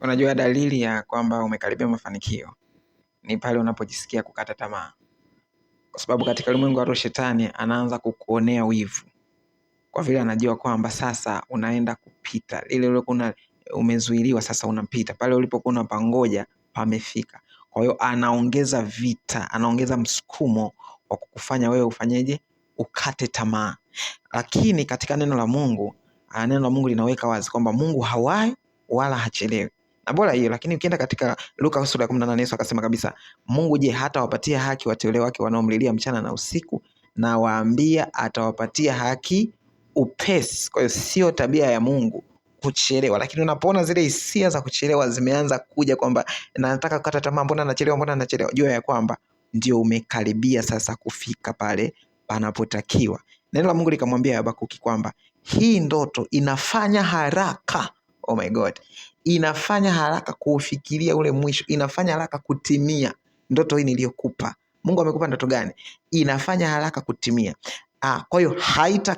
Unajua, dalili ya kwamba umekaribia mafanikio ni pale unapojisikia kukata tamaa, kwa sababu katika ulimwengu wa roho shetani anaanza kukuonea wivu, kwa vile anajua kwamba sasa unaenda kupita lile kuna umezuiliwa, sasa unapita pale ulipokuwa unapangoja, pamefika. Kwa hiyo anaongeza vita, anaongeza msukumo wa kukufanya wewe ufanyeje, ukate tamaa. Lakini katika neno la Mungu, neno la Mungu linaweka wazi kwamba Mungu hawai wala hachelewi na bora hiyo. Lakini ukienda katika Luka sura ya kumi na nane Yesu akasema kabisa, Mungu je, hata wapatia haki wateule wake wanaomlilia mchana na usiku? Na waambia atawapatia haki upesi. Kwa hiyo sio tabia ya Mungu kuchelewa, lakini unapoona zile hisia za kuchelewa zimeanza kuja kwamba nataka kukata tamaa, mbona nachelewa, mbona nachelewa, jua ya kwamba ndio umekaribia sasa kufika pale panapotakiwa. Neno la Mungu likamwambia Habakuki kwamba hii ndoto inafanya haraka oh my God, inafanya haraka kuufikiria ule mwisho, inafanya haraka kutimia ndoto hii niliyokupa. Mungu amekupa ndoto gani? Inafanya haraka kutimia. Ah, kwa hiyo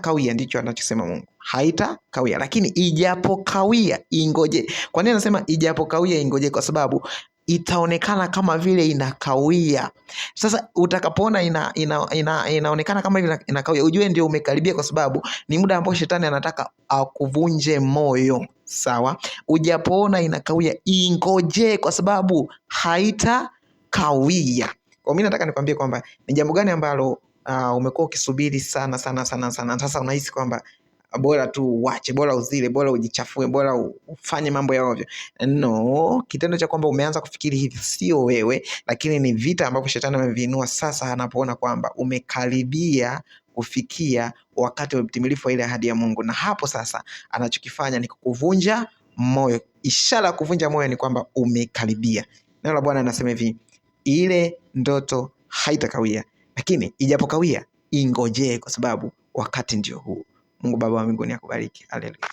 kawia, ndicho anachosema Mungu, haita kawia Lakini ijapo kawia ingoje. Kwa nini anasema kawia ingoje? Kwa sababu itaonekana kama vile inakawia. Sasa utakapoona ina, ina, ina, inaonekana kama vile inakawia, ujue ndio umekaribia, kwa sababu ni muda ambao shetani anataka akuvunje moyo. Sawa, ujapoona inakawia, ingojee, kwa sababu haitakawia. Kwa mimi nataka nikwambie kwamba ni jambo gani ambalo uh, umekuwa ukisubiri sana sana sana sana, sasa unahisi kwamba bora tu uache, bora uzile, bora ujichafue, bora ufanye mambo ya ovyo. No, kitendo cha kwamba umeanza kufikiri hivi sio wewe, lakini ni vita ambavyo shetani ameviinua sasa, anapoona kwamba umekaribia kufikia wakati wa utimilifu wa ile ahadi ya Mungu. Na hapo sasa anachokifanya ni kukuvunja moyo. Ishara ya kuvunja moyo ni kwamba umekaribia. Neno la Bwana anasema hivi, ile ndoto haitakawia, lakini ijapokawia ingojee, kwa sababu wakati ndio huu. Mungu Baba wa mbinguni akubariki. Haleluya.